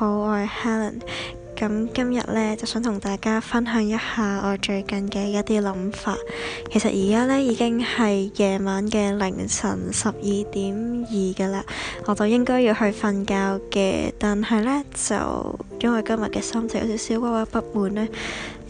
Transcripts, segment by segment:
好，我係 Helen。咁今日呢，就想同大家分享一下我最近嘅一啲諗法。其實而家呢，已經係夜晚嘅凌晨十二點二㗎喇，我就應該要去瞓覺嘅。但係呢，就因為今日嘅心情有少少鬱鬱不滿呢。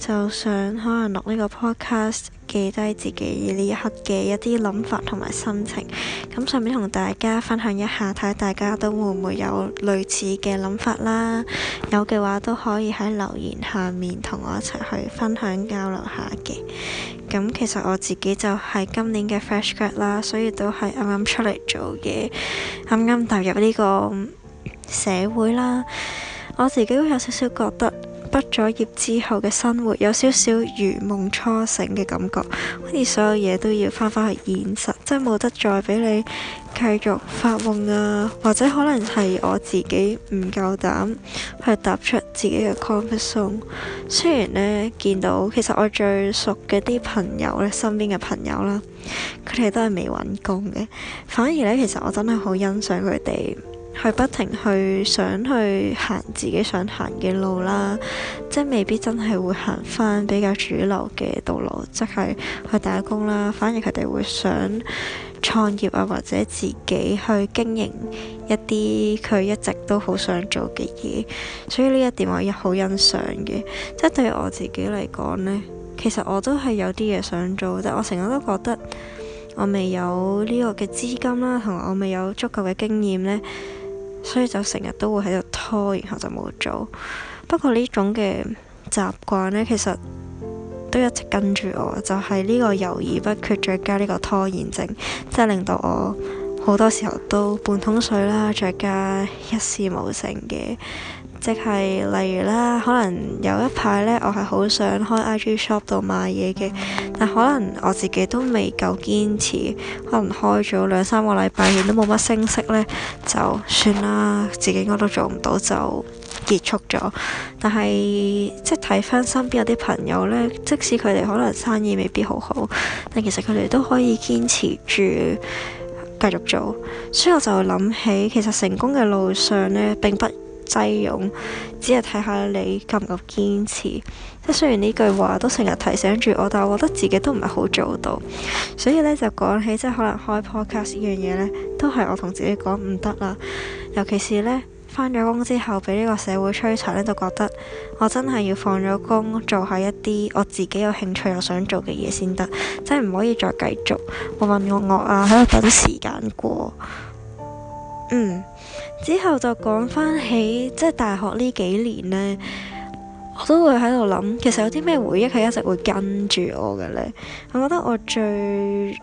就想可能錄呢個 podcast，記低自己呢一刻嘅一啲諗法同埋心情。咁順便同大家分享一下，睇大家都會唔會有類似嘅諗法啦？有嘅話都可以喺留言下面同我一齊去分享交流下嘅。咁其實我自己就係今年嘅 fresh grad 啦，所以都係啱啱出嚟做嘢，啱啱踏入呢個社會啦。我自己都有少少覺得。畢咗業之後嘅生活，有少少如夢初醒嘅感覺，好似所有嘢都要翻返去現實，即係冇得再俾你繼續發夢啊！或者可能係我自己唔夠膽去踏出自己嘅 comfort zone。雖然呢，見到其實我最熟嘅啲朋友咧，身邊嘅朋友啦，佢哋都係未揾工嘅，反而呢，其實我真係好欣賞佢哋。去不停去想去行自己想行嘅路啦，即係未必真係會行翻比較主流嘅道路，即係去打工啦。反而佢哋會想創業啊，或者自己去經營一啲佢一直都好想做嘅嘢。所以呢一點我亦好欣賞嘅，即係對於我自己嚟講呢，其實我都係有啲嘢想做，但我成日都覺得我未有呢個嘅資金啦，同埋我未有足夠嘅經驗呢。所以就成日都會喺度拖，然後就冇做。不過呢種嘅習慣呢，其實都一直跟住我，就係呢個猶豫不決，再加呢個拖延症，真係令到我好多時候都半桶水啦，再加一事無成嘅。即係例如啦，可能有一排咧，我係好想開 IG shop 度買嘢嘅，但可能我自己都未夠堅持，可能開咗兩三個禮拜，都冇乜聲息咧，就算啦，自己應該都做唔到，就結束咗。但係即係睇翻身邊有啲朋友咧，即使佢哋可能生意未必好好，但其實佢哋都可以堅持住繼續做，所以我就諗起其實成功嘅路上咧，並不擠擁，只係睇下你夠唔夠堅持。即係雖然呢句話都成日提醒住我，但我覺得自己都唔係好做到。所以呢，就講起即係可能開 podcast 呢樣嘢呢，都係我同自己講唔得啦。尤其是呢，返咗工之後，俾呢個社會摧殘呢就覺得我真係要放咗工，做下一啲我自己有興趣又想做嘅嘢先得。真係唔可以再繼續混混噩噩啊，喺度等時間過。嗯。之後就講翻起即係大學呢幾年呢，我都會喺度諗，其實有啲咩回憶係一直會跟住我嘅呢。我覺得我最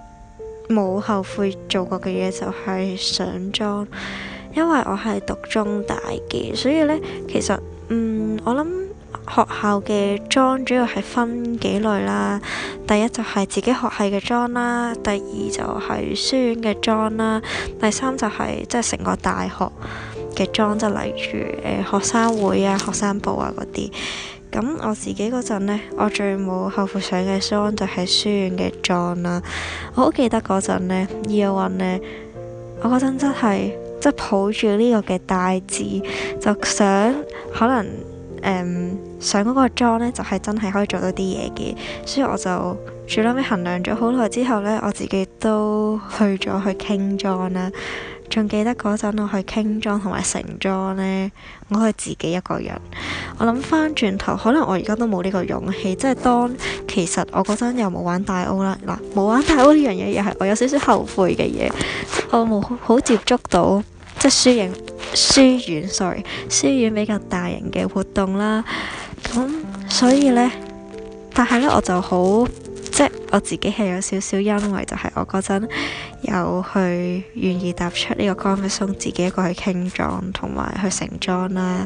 冇後悔做過嘅嘢就係上莊，因為我係讀中大嘅，所以呢，其實嗯我諗。學校嘅莊主要係分幾類啦。第一就係自己學系嘅莊啦，第二就係書院嘅莊啦，第三就係即係成個大學嘅莊，即、就、係、是、例如誒、呃、學生會啊、學生部啊嗰啲。咁我自己嗰陣咧，我最冇後悔上嘅莊就係書院嘅莊啦。我好記得嗰陣咧，二啊運咧，我嗰陣真係即係抱住呢個嘅大志，就想可能誒。嗯上嗰個莊咧，就係、是、真係可以做到啲嘢嘅，所以我就最後尾衡量咗好耐之後呢，我自己都去咗去傾莊啦。仲記得嗰陣我去傾莊同埋成莊呢，我都係自己一個人。我諗翻轉頭，可能我而家都冇呢個勇氣，即係當其實我嗰陣又冇玩大 O 啦。嗱，冇玩大 O 呢樣嘢，又係我有少少後悔嘅嘢，我冇好，好接觸到即係輸贏書院 sorry 書院比較大型嘅活動啦。咁、嗯、所以呢，但係呢，我就好，即係我自己係有少少欣慰，就係我嗰陣有去願意踏出呢個 comfort zone 自己一個去傾莊同埋去成莊啦。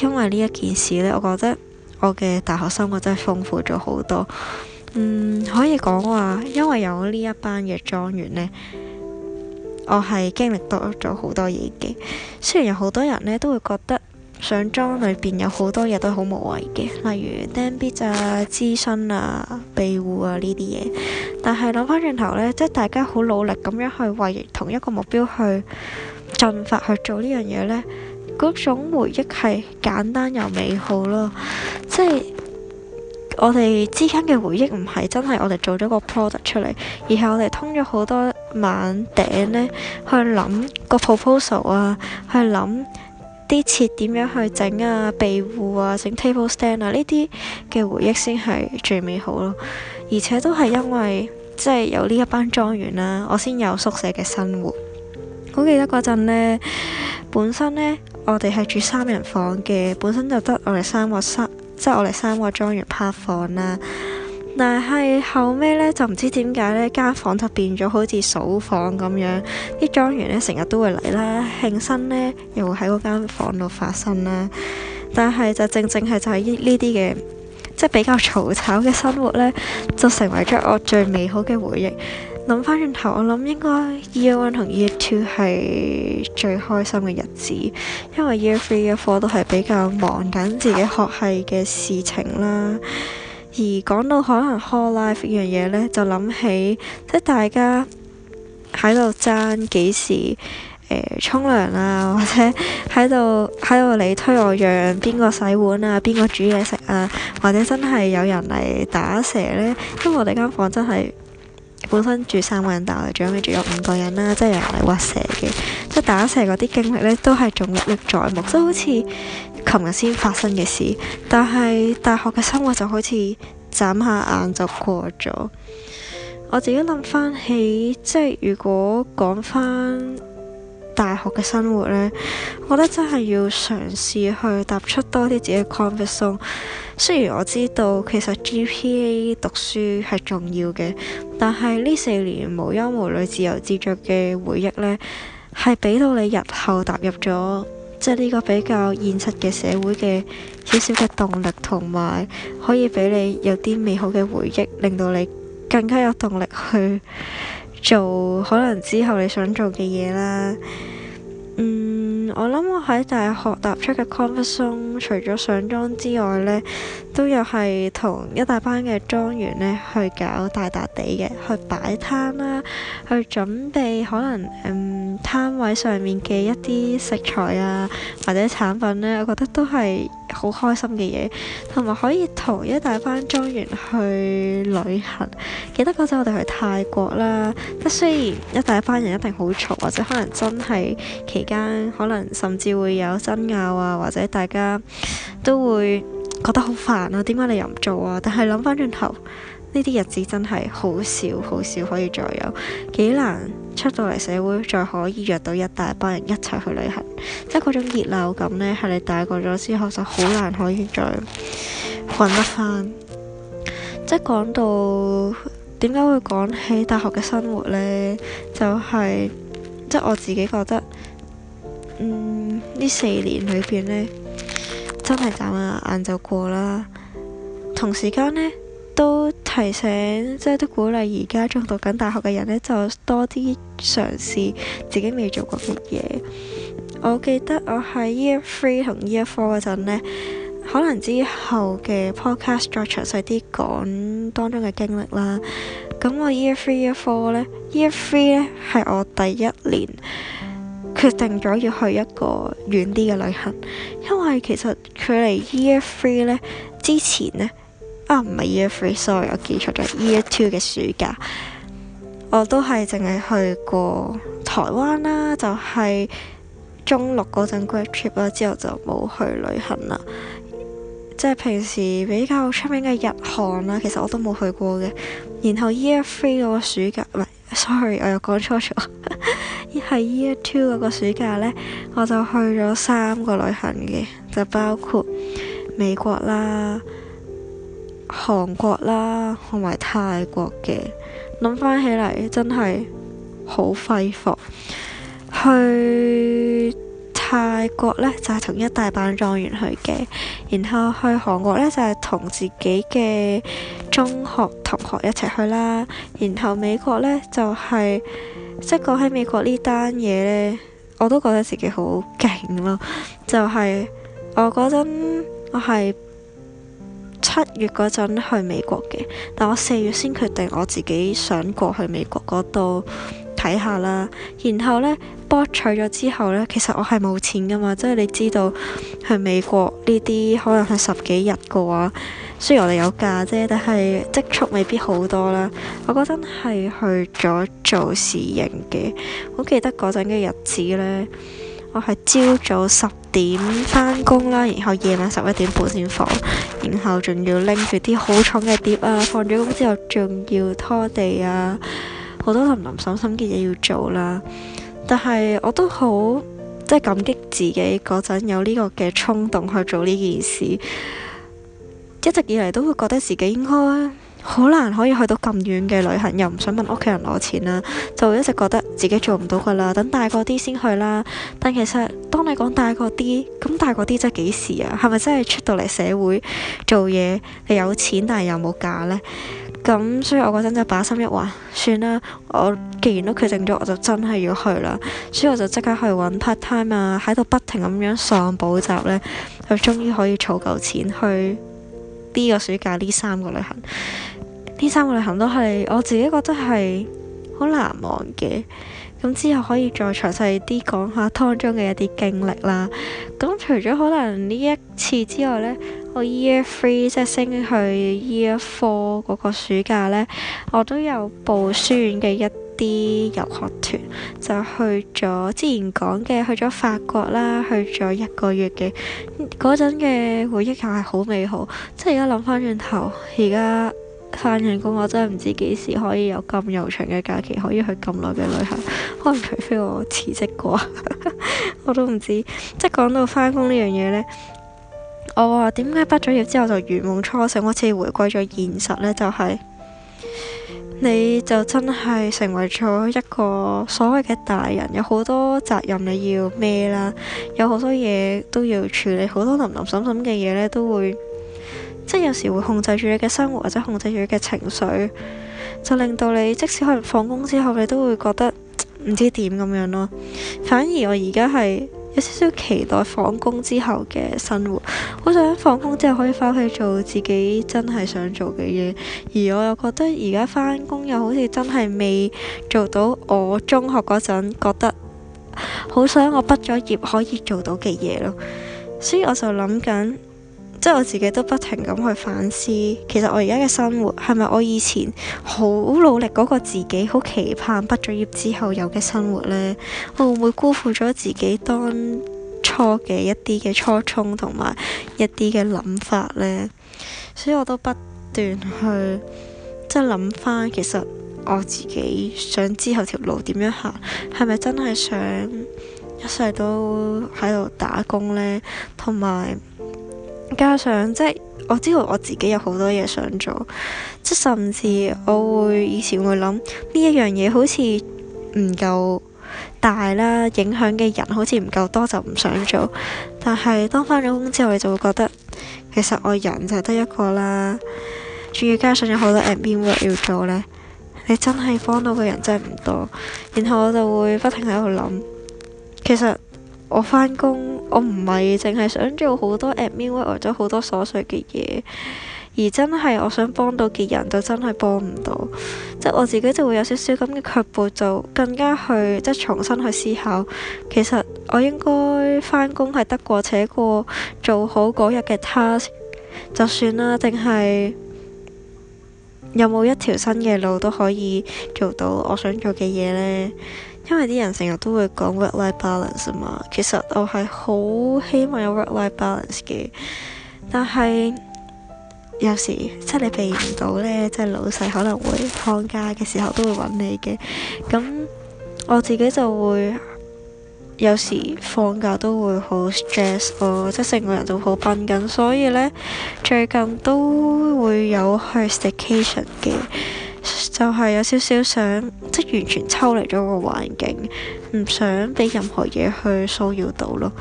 因為呢一件事呢，我覺得我嘅大學生活真係豐富咗好多。嗯，可以講話，因為有呢一班嘅莊員呢，我係經歷多咗好多嘢嘅。雖然有好多人呢，都會覺得。上莊裏邊有好多嘢都好無謂嘅，例如 dem beat 啊、諮詢啊、庇護啊呢啲嘢。但係諗返轉頭呢，即係大家好努力咁樣去為同一個目標去進發去做呢樣嘢呢，嗰種回憶係簡單又美好咯。即係我哋之間嘅回憶唔係真係我哋做咗個 product 出嚟，而係我哋通咗好多晚頂呢，去諗個 proposal 啊，去諗。啲設點樣去整啊，庇護啊，整 table stand 啊，呢啲嘅回憶先係最美好咯。而且都係因為即係、就是、有呢一班莊員啦、啊，我先有宿舍嘅生活。好記得嗰陣呢，本身呢，我哋係住三人房嘅，本身就得我哋三個三，即、就、係、是、我哋三個莊員拍房啦、啊。但係後尾咧就唔知點解呢間房就變咗好似掃房咁樣，啲莊員咧成日都會嚟啦，慶生呢又會喺嗰間房度發生啦。但係就正正係就係呢啲嘅，即係比較嘈吵嘅生活呢，就成為咗我最美好嘅回憶。諗翻轉頭，我諗應該 Year One 同 Year Two 係最開心嘅日子，因為 Year Three 嘅課都係比較忙緊自己學系嘅事情啦。而講到可能 hall life 呢樣嘢呢，就諗起即係大家喺度爭幾時誒沖涼啊，或者喺度喺度你推我讓，邊個洗碗啊，邊個煮嘢食啊，或者真係有人嚟打蛇呢。因為我哋間房真係本身住三個人，但係我哋最尾住咗五個人啦，啊，即係有人嚟屈蛇嘅，即係打蛇嗰啲經歷呢，都係仲歷歷在目，即係好似，琴日先發生嘅事，但係大學嘅生活就好似眨下眼就過咗。我自己諗翻起，即係如果講翻大學嘅生活呢，我覺得真係要嘗試去踏出多啲自己嘅 comfort zone。雖然我知道其實 GPA 讀書係重要嘅，但係呢四年無憂無慮、自由自在嘅回憶呢，係俾到你日後踏入咗。即係呢個比較現實嘅社會嘅小小嘅動力，同埋可以俾你有啲美好嘅回憶，令到你更加有動力去做可能之後你想做嘅嘢啦。嗯，我諗我喺大學踏出嘅 comfort zone，除咗上妝之外呢，都有係同一大班嘅莊員呢，去搞大笪地嘅，去擺攤啦，去準備可能嗯攤位上面嘅一啲食材啊，或者產品呢。我覺得都係好開心嘅嘢，同埋可以同一大班莊員去旅行。記得嗰陣我哋去泰國啦，即雖然一大班人一定好嘈，或者可能真係期間可能甚至會有爭拗啊，或者大家都會。覺得好煩啊！點解你又唔做啊？但係諗翻轉頭，呢啲日子真係好少好少可以再有，幾難出到嚟社會再可以約到一大班人一齊去旅行，即係嗰種熱鬧感呢，係你大個咗之後就好難可以再揾得翻。即係講到點解會講起大學嘅生活呢？就係、是、即係我自己覺得，嗯，呢四年裏邊呢。真係眨下眼就過啦。同時間呢，都提醒，即係都鼓勵而家仲讀緊大學嘅人呢，就多啲嘗試自己未做過嘅嘢。我記得我喺 year three 同 year four 嗰陣呢，可能之後嘅 podcast 再詳細啲講當中嘅經歷啦。咁我 year three year four 呢，year three 呢係我第一年，決定咗要去一個遠啲嘅旅行，因為其實距離 Year Three 呢之前呢，啊唔係 Year Three，Sorry，我記錯咗 Year Two 嘅暑假，我都係淨係去過台灣啦，就係、是、中六嗰陣 Grad Trip 啦，之後就冇去旅行啦。即係平時比較出名嘅日韓啦，其實我都冇去過嘅。然後 Year Three 嗰個暑假唔係。Sorry，我又講錯咗。喺 Year Two 嗰個暑假呢，我就去咗三個旅行嘅，就包括美國啦、韓國啦同埋泰國嘅。諗翻起嚟真係好揮霍，去。泰國咧，就係、是、同一大班狀元去嘅。然後去韓國咧，就係、是、同自己嘅中學同學一齊去啦，然後美國咧，就係即係講起美國呢單嘢咧，我都覺得自己好勁咯，就係、是、我嗰陣我係七月嗰陣去美國嘅，但我四月先決定我自己想過去美國嗰度。睇下啦，然後呢，博取咗之後呢，其實我係冇錢噶嘛，即係你知道去美國呢啲可能係十幾日嘅話，雖然我哋有假啫，但係積蓄未必好多啦。我嗰陣係去咗做侍應嘅，好記得嗰陣嘅日子呢，我係朝早十點返工啦，然後夜晚十一點半先放，然後仲要拎住啲好重嘅碟啊，放咗工之後仲要拖地啊。好多林林總總嘅嘢要做啦，但係我都好，即係感激自己嗰陣有呢個嘅衝動去做呢件事，一直以嚟都會覺得自己應該。好難可以去到咁遠嘅旅行，又唔想問屋企人攞錢啦，就一直覺得自己做唔到噶啦，等大個啲先去啦。但其實當你講大個啲，咁大個啲即係幾時啊？係咪真係出到嚟社會做嘢，你有錢但係又冇假呢？咁所以我嗰陣就把心一橫，算啦，我既然都決定咗，我就真係要去啦。所以我就即刻去揾 part time 啊，喺度不停咁樣上補習呢。佢終於可以儲夠錢去。呢個暑假呢三個旅行，呢三個旅行都係我自己覺得係好難忘嘅。咁之後可以再詳細啲講下當中嘅一啲經歷啦。咁除咗可能呢一次之外呢，我 Year Three 即係升去 Year Four 嗰個暑假呢，我都有報書院嘅一啲遊學團就去咗，之前講嘅去咗法國啦，去咗一個月嘅嗰陣嘅回憶又係好美好，即係而家諗翻轉頭，而家翻緊工，我真係唔知幾時可以有咁悠長嘅假期，可以去咁耐嘅旅行，可能除非我辭職啩， 我都唔知。即係講到翻工呢樣嘢呢，我話點解畢咗業之後就如夢初醒，好似回歸咗現實呢，就係、是。你就真係成為咗一個所謂嘅大人，有好多責任你要孭啦，有好多嘢都要處理，好多林林審審嘅嘢呢都會，即係有時會控制住你嘅生活或者控制住你嘅情緒，就令到你即使可能放工之後，你都會覺得唔知點咁樣咯。反而我而家係。有少少期待放工之後嘅生活，好想放工之後可以返去做自己真係想做嘅嘢，而我又覺得而家返工又好似真係未做到我中學嗰陣覺得好想我畢咗業可以做到嘅嘢咯，所以我就諗緊。即係我自己都不停咁去反思，其實我而家嘅生活係咪我以前好努力嗰個自己，好期盼畢咗業之後有嘅生活咧？我會唔會辜負咗自己當初嘅一啲嘅初衷同埋一啲嘅諗法咧？所以我都不斷去即係諗翻，其實我自己想之後條路點樣行，係咪真係想一世都喺度打工咧？同埋。加上即係我知道我自己有好多嘢想做，即甚至我會以前會諗呢一樣嘢好似唔夠大啦，影響嘅人好似唔夠多就唔想做。但係當翻咗工之後，你就會覺得其實我人就係得一個啦，仲要加上有好多 admin work 要做咧，你真係幫到嘅人真係唔多。然後我就會不停喺度諗，其實我翻工。我唔係淨係想做好多 at me w o 咗好多瑣碎嘅嘢，而真係我想幫到嘅人就真係幫唔到，即係我自己就會有少少咁嘅腳步就更加去即係重新去思考，其實我應該返工係得過且過做好嗰日嘅 task 就算啦，定係有冇一條新嘅路都可以做到我想做嘅嘢呢？因為啲人成日都會講 work-life balance 啊嘛，其實我係好希望有 work-life balance 嘅，但係有時即係你避唔到呢，即係老細可能會放假嘅時候都會揾你嘅，咁我自己就會有時放假都會好 stress 咯，即係成個人都好繃緊，所以呢，最近都會有去 staycation 嘅。就係有少少想，即、就、係、是、完全抽離咗個環境，唔想俾任何嘢去騷擾到咯。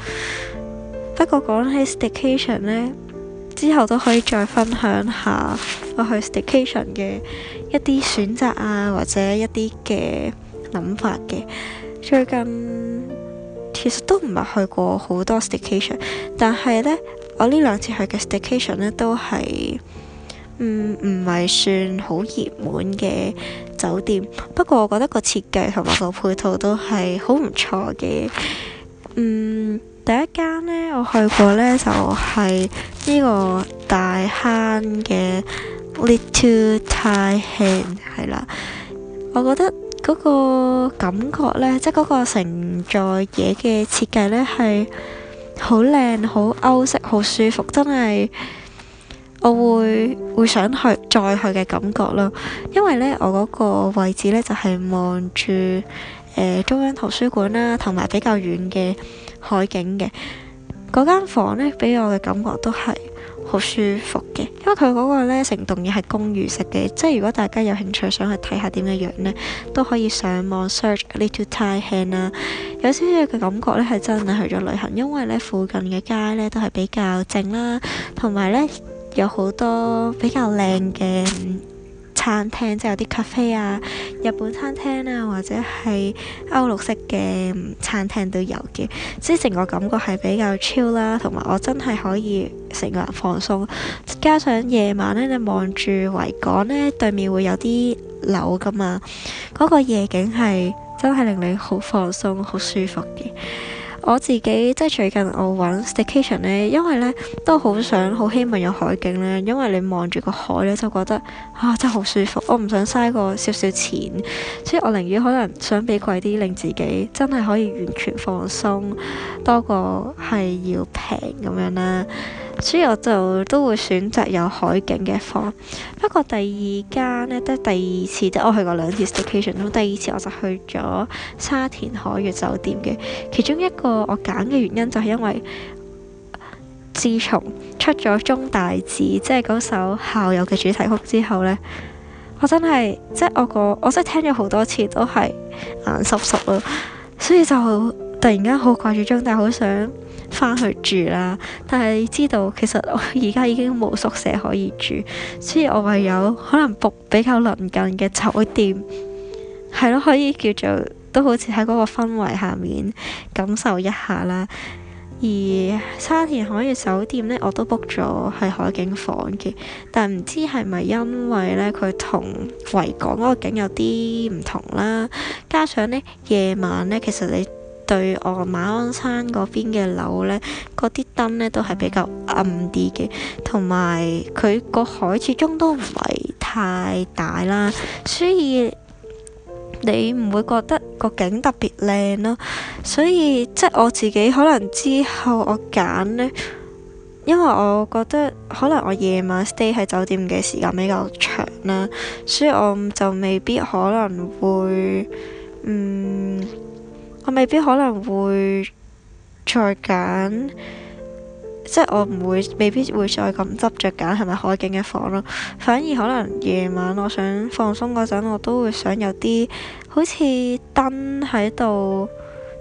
不過講起 staycation 呢，之後都可以再分享下我去 staycation 嘅一啲選擇啊，或者一啲嘅諗法嘅。最近其實都唔係去過好多 staycation，但係呢，我呢兩次去嘅 staycation 呢都係。唔唔係算好熱門嘅酒店，不過我覺得個設計同埋個配套都係好唔錯嘅。嗯，第一間呢，我去過呢就係、是、呢個大坑嘅 Little Tai Hang 係啦。我覺得嗰個感覺呢，即係嗰個成座嘢嘅設計呢，係好靚、好歐式、好舒服，真係～我會會想去再去嘅感覺囉，因為呢，我嗰個位置呢，就係、是、望住誒、呃、中央圖書館啦、啊，同埋比較遠嘅海景嘅嗰間房呢，俾我嘅感覺都係好舒服嘅。因為佢嗰個呢成棟嘢係公寓式嘅，即係如果大家有興趣想去睇下點嘅樣，樣呢，都可以上網 search Little Tai Hang 啦。有少少嘅感覺呢，係真係去咗旅行，因為呢，附近嘅街呢，都係比較靜啦，同埋呢。有好多比較靚嘅餐廳，即係有啲咖啡 f 啊、日本餐廳啊，或者係歐陸式嘅餐廳都有嘅。即之成我感覺係比較超啦，同埋我真係可以成食人放鬆。加上夜晚上呢，你望住維港呢，對面會有啲樓噶嘛，嗰、那個夜景係真係令你好放鬆、好舒服嘅。我自己即係最近我揾 staycation 呢，因為呢都好想好希望有海景呢。因為你望住個海呢，就覺得啊真係好舒服。我唔想嘥個少少錢，所以我寧願可能想俾貴啲，令自己真係可以完全放鬆，多過係要平咁樣啦。所以我就都會選擇有海景嘅房。不過第二間呢，即係第二次，即係我去過兩次 station，咁第二次我就去咗沙田海悅酒店嘅。其中一個我揀嘅原因就係因為，自從出咗中大子，即係嗰首校友嘅主題曲之後呢，我真係即係我個我真係聽咗好多次都係眼濕濕咯。所以就突然間好掛住中大，好想～翻去住啦，但係知道其實我而家已經冇宿舍可以住，所以我唯有可能 book 比較鄰近嘅酒店，係咯可以叫做都好似喺嗰個氛圍下面感受一下啦。而沙田海悅酒店呢，我都 book 咗係海景房嘅，但唔知係咪因為呢，佢同維港嗰個景有啲唔同啦，加上呢，夜晚呢，其實你。對，我馬鞍山嗰邊嘅樓呢，嗰啲燈呢都係比較暗啲嘅，同埋佢個海始終都唔係太大啦，所以你唔會覺得個景特別靚咯。所以即係我自己可能之後我揀呢，因為我覺得可能我夜晚 stay 喺酒店嘅時間比較長啦，所以我就未必可能會嗯。我未必可能會再揀，即係我唔會未必會再咁執着揀係咪海景嘅房咯。反而可能夜晚我想放鬆嗰陣，我都會想有啲好似燈喺度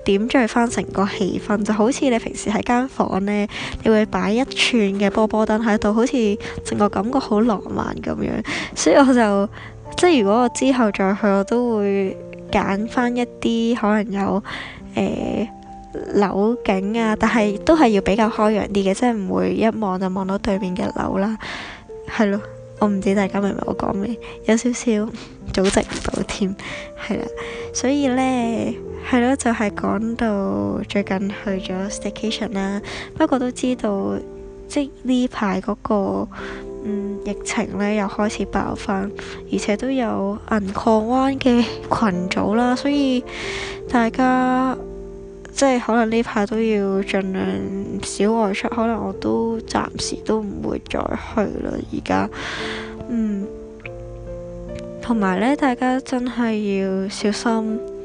點綴翻成個氣氛，就好似你平時喺間房呢，你會擺一串嘅波波燈喺度，好似整個感覺好浪漫咁樣。所以我就即係如果我之後再去，我都會。揀翻一啲可能有誒、呃、樓景啊，但係都係要比較開揚啲嘅，即係唔會一望就望到對面嘅樓啦。係咯，我唔知大家明唔明我講咩，有少少組織唔到添。係啦，所以呢，係咯，就係、是、講到最近去咗 staycation 啦。不過都知道即呢排嗰個，疫情呢又開始爆發，而且都有銀礦灣嘅群組啦，所以大家即係可能呢排都要盡量少外出。可能我都暫時都唔會再去啦。而家嗯，同埋呢，大家真係要小心。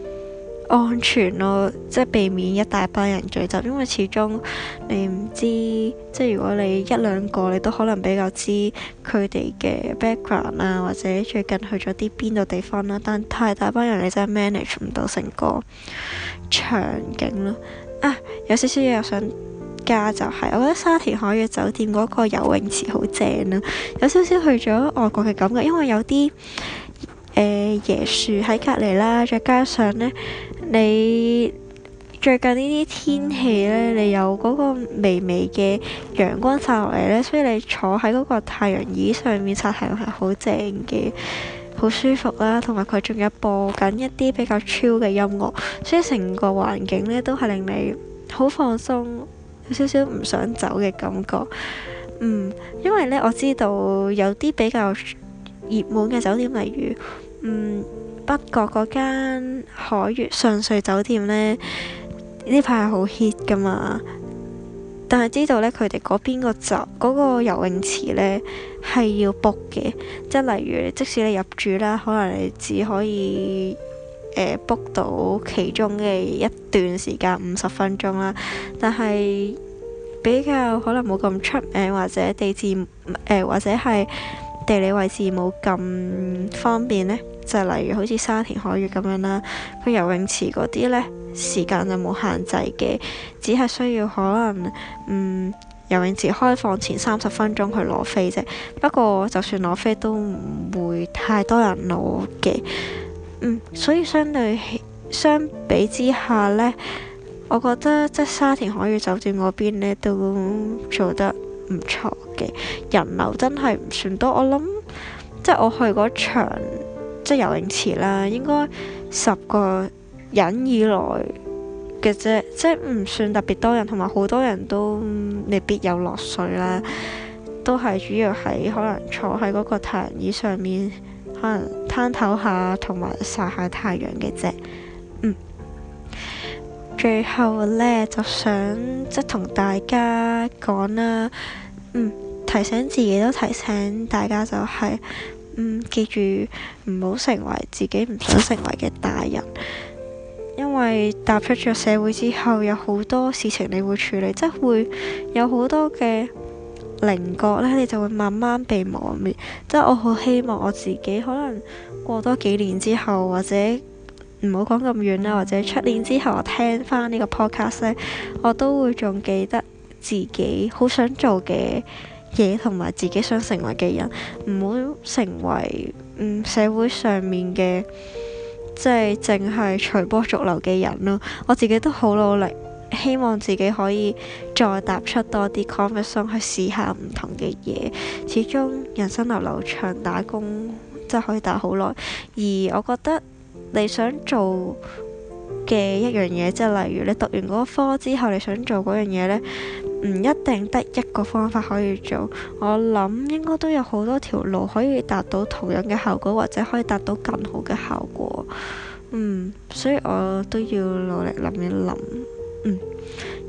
安全咯、啊，即係避免一大班人聚集，因為始終你唔知，即係如果你一兩個，你都可能比較知佢哋嘅 background 啊，或者最近去咗啲邊度地方啦、啊。但太大班人，你真係 manage 唔到成個場景咯、啊。啊，有少少嘢又想加就係、是，我覺得沙田海悅酒店嗰個游泳池好正啊，有少少去咗外國係咁嘅，因為有啲誒、呃、椰樹喺隔離啦，再加上呢。你最近呢啲天氣呢，你有嗰個微微嘅陽光曬落嚟呢，所以你坐喺嗰個太陽椅上面曬太陽係好正嘅，好舒服啦，同埋佢仲有播緊一啲比較 chill 嘅音樂，所以成個環境呢都係令你好放鬆，有少少唔想走嘅感覺。嗯，因為呢，我知道有啲比較熱門嘅酒店，例如嗯。北角嗰間海悅尚萃酒店呢，呢排係好 hit 噶嘛。但係知道呢，佢哋嗰邊就、嗰個就游泳池呢，係要 book 嘅，即係例如即使你入住啦，可能你只可以 book、呃、到其中嘅一段時間五十分鐘啦。但係比較可能冇咁出名，或者地字、呃、或者係地理位置冇咁方便呢。就例如好似沙田海月咁樣啦，個游泳池嗰啲呢時間就冇限制嘅，只係需要可能嗯，游泳池開放前三十分鐘去攞飛啫。不過就算攞飛都唔會太多人攞嘅，嗯，所以相對相比之下呢，我覺得即係沙田海月酒店嗰邊呢都做得唔錯嘅，人流真係唔算多。我諗即係我去嗰場。即係游泳池啦，應該十個人以內嘅啫，即係唔算特別多人，同埋好多人都未必有落水啦，都係主要喺可能坐喺嗰個太陽椅上面，可能攤頭下同埋曬下太陽嘅啫。嗯，最後呢，就想即同大家講啦，嗯，提醒自己都提醒大家就係。嗯，記住唔好成為自己唔想成為嘅大人，因為踏出咗社會之後，有好多事情你會處理，即係會有好多嘅棱角呢，你就會慢慢被磨滅。即係我好希望我自己可能過多幾年之後，或者唔好講咁遠啦，或者出年之後我聽返呢個 podcast 呢，我都會仲記得自己好想做嘅嘢同埋自己想成為嘅人，唔好成為，嗯，社會上面嘅，即係淨係隨波逐流嘅人咯。我自己都好努力，希望自己可以再踏出多啲 comfort 去試下唔同嘅嘢。始終人生流流長，打工即係可以打好耐。而我覺得你想做嘅一樣嘢，即係例如你讀完嗰科之後，你想做嗰樣嘢呢。唔一定得一個方法可以做，我諗應該都有好多條路可以達到同樣嘅效果，或者可以達到更好嘅效果。嗯，所以我都要努力諗一諗。嗯，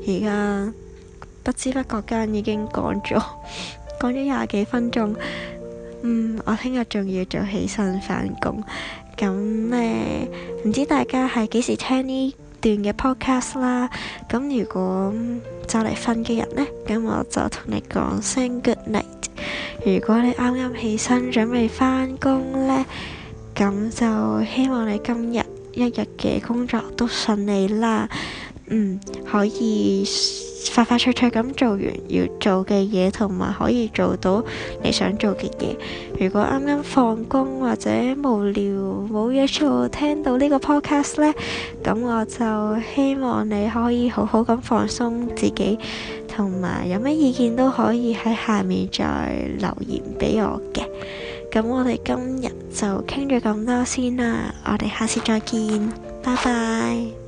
而家不知不覺間已經講咗講咗廿幾分鐘。嗯，我聽日仲要早起身返工。咁呢，唔、呃、知大家係幾時聽呢段嘅 podcast 啦。咁如果，就嚟瞓嘅人呢，咁我就同你講聲 good night。如果你啱啱起身準備返工呢，咁就希望你今日一日嘅工作都順利啦。嗯，可以。快快脆脆咁做完要做嘅嘢，同埋可以做到你想做嘅嘢。如果啱啱放工或者無聊冇嘢做，聽到呢個 podcast 呢，咁我就希望你可以好好咁放鬆自己，同埋有咩意見都可以喺下面再留言俾我嘅。咁我哋今日就傾咗咁多先啦，我哋下次再見，拜拜。